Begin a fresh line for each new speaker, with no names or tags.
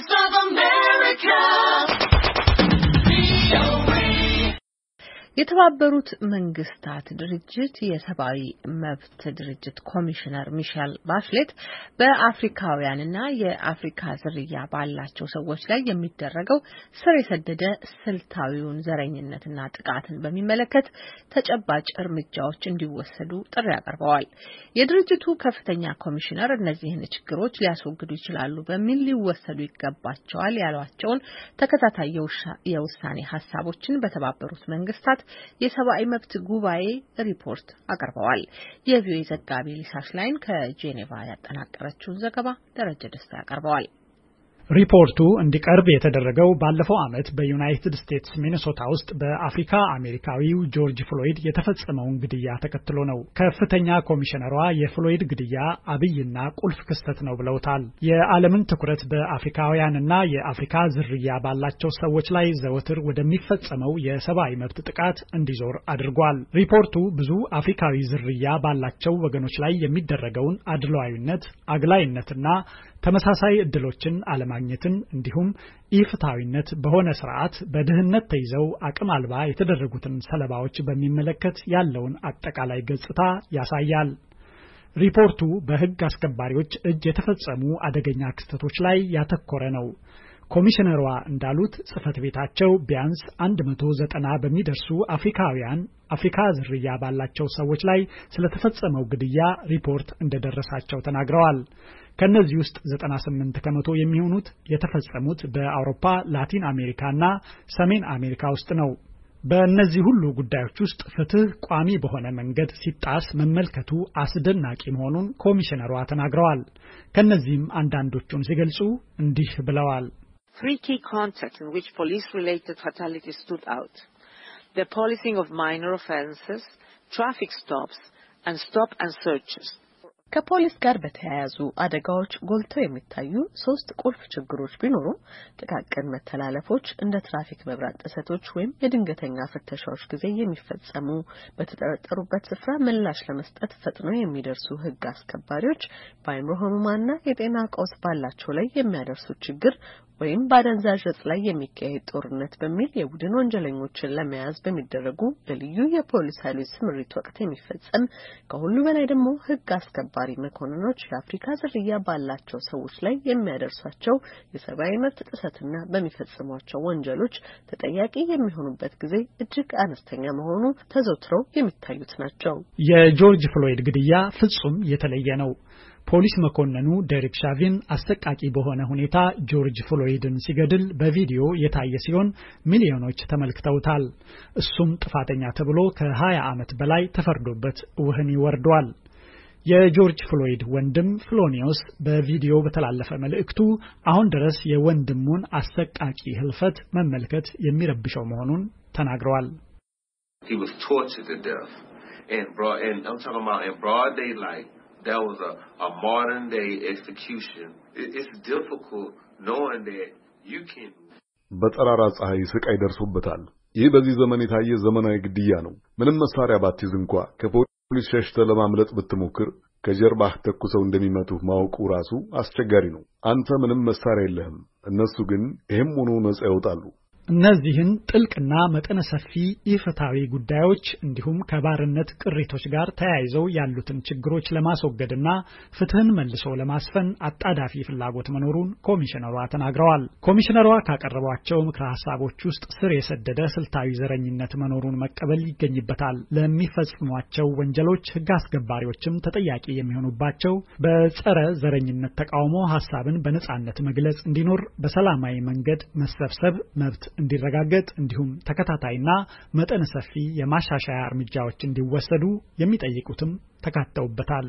voice
የተባበሩት መንግስታት ድርጅት የሰብአዊ መብት ድርጅት ኮሚሽነር ሚሻል ባሽሌት በአፍሪካውያንና የአፍሪካ ዝርያ ባላቸው ሰዎች ላይ የሚደረገው ስር የሰደደ ስልታዊውን ዘረኝነትና ጥቃትን በሚመለከት ተጨባጭ እርምጃዎች እንዲወሰዱ ጥሪ አቅርበዋል። የድርጅቱ ከፍተኛ ኮሚሽነር እነዚህን ችግሮች ሊያስወግዱ ይችላሉ በሚል ሊወሰዱ ይገባቸዋል ያሏቸውን ተከታታይ የውሳኔ ሀሳቦችን በተባበሩት መንግስታት የሰብአዊ መብት ጉባኤ ሪፖርት አቅርበዋል። የቪኦኤ ዘጋቢ ሊሳሽ ላይን ከጄኔቫ ያጠናቀረችውን ዘገባ ደረጀ ደስታ ያቀርበዋል።
ሪፖርቱ እንዲቀርብ የተደረገው ባለፈው ዓመት በዩናይትድ ስቴትስ ሚኒሶታ ውስጥ በአፍሪካ አሜሪካዊው ጆርጅ ፍሎይድ የተፈጸመውን ግድያ ተከትሎ ነው። ከፍተኛ ኮሚሽነሯ የፍሎይድ ግድያ አብይና ቁልፍ ክስተት ነው ብለውታል። የዓለምን ትኩረት በአፍሪካውያንና የአፍሪካ ዝርያ ባላቸው ሰዎች ላይ ዘወትር ወደሚፈጸመው የሰብአዊ መብት ጥቃት እንዲዞር አድርጓል። ሪፖርቱ ብዙ አፍሪካዊ ዝርያ ባላቸው ወገኖች ላይ የሚደረገውን አድለዋዊነት፣ አግላይነትና ተመሳሳይ ዕድሎችን አለማ ማግኘትን እንዲሁም ኢፍታዊነት በሆነ ስርዓት በድህነት ተይዘው አቅም አልባ የተደረጉትን ሰለባዎች በሚመለከት ያለውን አጠቃላይ ገጽታ ያሳያል። ሪፖርቱ በሕግ አስከባሪዎች እጅ የተፈጸሙ አደገኛ ክስተቶች ላይ ያተኮረ ነው። ኮሚሽነሯ እንዳሉት ጽህፈት ቤታቸው ቢያንስ 190 በሚደርሱ አፍሪካውያን አፍሪካ ዝርያ ባላቸው ሰዎች ላይ ስለተፈጸመው ግድያ ሪፖርት እንደደረሳቸው ተናግረዋል። ከእነዚህ ውስጥ 98 ከመቶ የሚሆኑት የተፈጸሙት በአውሮፓ፣ ላቲን አሜሪካ እና ሰሜን አሜሪካ ውስጥ ነው። በእነዚህ ሁሉ ጉዳዮች ውስጥ ፍትህ ቋሚ በሆነ መንገድ ሲጣስ መመልከቱ አስደናቂ መሆኑን ኮሚሽነሯ ተናግረዋል። ከእነዚህም አንዳንዶቹን ሲገልጹ እንዲህ ብለዋል።
Three key contexts in which police-related fatalities stood out: the policing of minor offenses, traffic stops, and stop and searches,
ከፖሊስ ጋር በተያያዙ አደጋዎች ጎልተው የሚታዩ ሶስት ቁልፍ ችግሮች ቢኖሩም ጥቃቅን መተላለፎች እንደ ትራፊክ መብራት ጥሰቶች ወይም የድንገተኛ ፍተሻዎች ጊዜ የሚፈጸሙ በተጠረጠሩበት ስፍራ ምላሽ ለመስጠት ፈጥነው የሚደርሱ ሕግ አስከባሪዎች በአእምሮ ሕሙማንና የጤና ቀውስ ባላቸው ላይ የሚያደርሱ ችግር ወይም በአደንዛዥ ዕፅ ላይ የሚካሄድ ጦርነት በሚል የቡድን ወንጀለኞችን ለመያዝ በሚደረጉ በልዩ የፖሊስ ኃይሎች ስምሪት ወቅት የሚፈጸም ከሁሉ በላይ ደግሞ ሕግ አስከባሪ አሸባሪ መኮንኖች የአፍሪካ ዝርያ ባላቸው ሰዎች ላይ የሚያደርሷቸው የሰብአዊ መብት ጥሰትና በሚፈጽሟቸው ወንጀሎች ተጠያቂ የሚሆኑበት ጊዜ እጅግ አነስተኛ መሆኑ ተዘውትረው የሚታዩት ናቸው።
የጆርጅ ፍሎይድ ግድያ ፍጹም የተለየ ነው። ፖሊስ መኮንኑ ዴሪክ ሻቪን አሰቃቂ በሆነ ሁኔታ ጆርጅ ፍሎይድን ሲገድል በቪዲዮ የታየ ሲሆን ሚሊዮኖች ተመልክተውታል። እሱም ጥፋተኛ ተብሎ ከ20 ዓመት በላይ ተፈርዶበት ውህን ወርዷል። የጆርጅ ፍሎይድ ወንድም ፍሎኒዮስ በቪዲዮ በተላለፈ መልእክቱ አሁን ድረስ የወንድሙን አሰቃቂ ህልፈት መመልከት የሚረብሸው መሆኑን ተናግረዋል። በጠራራ ፀሐይ ስቃይ ደርሶበታል። ይህ በዚህ ዘመን የታየ ዘመናዊ ግድያ ነው። ምንም መሳሪያ ባትይዝ እንኳ ፖሊስ ሸሽተ ለማምለጥ ብትሞክር ከጀርባህ ተኩሰው እንደሚመቱ ማወቁ ራሱ አስቸጋሪ ነው። አንተ ምንም መሳሪያ የለህም፣ እነሱ ግን ይህም ሆኖ ነጻ ይወጣሉ። እነዚህን ጥልቅና መጠነ ሰፊ ኢፍትሐዊ ጉዳዮች እንዲሁም ከባርነት ቅሪቶች ጋር ተያይዘው ያሉትን ችግሮች ለማስወገድና ፍትህን መልሶ ለማስፈን አጣዳፊ ፍላጎት መኖሩን ኮሚሽነሯ ተናግረዋል። ኮሚሽነሯ ካቀረቧቸው ምክረ ሀሳቦች ውስጥ ስር የሰደደ ስልታዊ ዘረኝነት መኖሩን መቀበል ይገኝበታል። ለሚፈጽሟቸው ወንጀሎች ህግ አስከባሪዎችም ተጠያቂ የሚሆኑባቸው፣ በጸረ ዘረኝነት ተቃውሞ ሀሳብን በነጻነት መግለጽ እንዲኖር፣ በሰላማዊ መንገድ መሰብሰብ መብት እንዲረጋገጥ እንዲሁም ተከታታይና መጠን ሰፊ የማሻሻያ እርምጃዎች እንዲወሰዱ የሚጠይቁትም ተካተውበታል።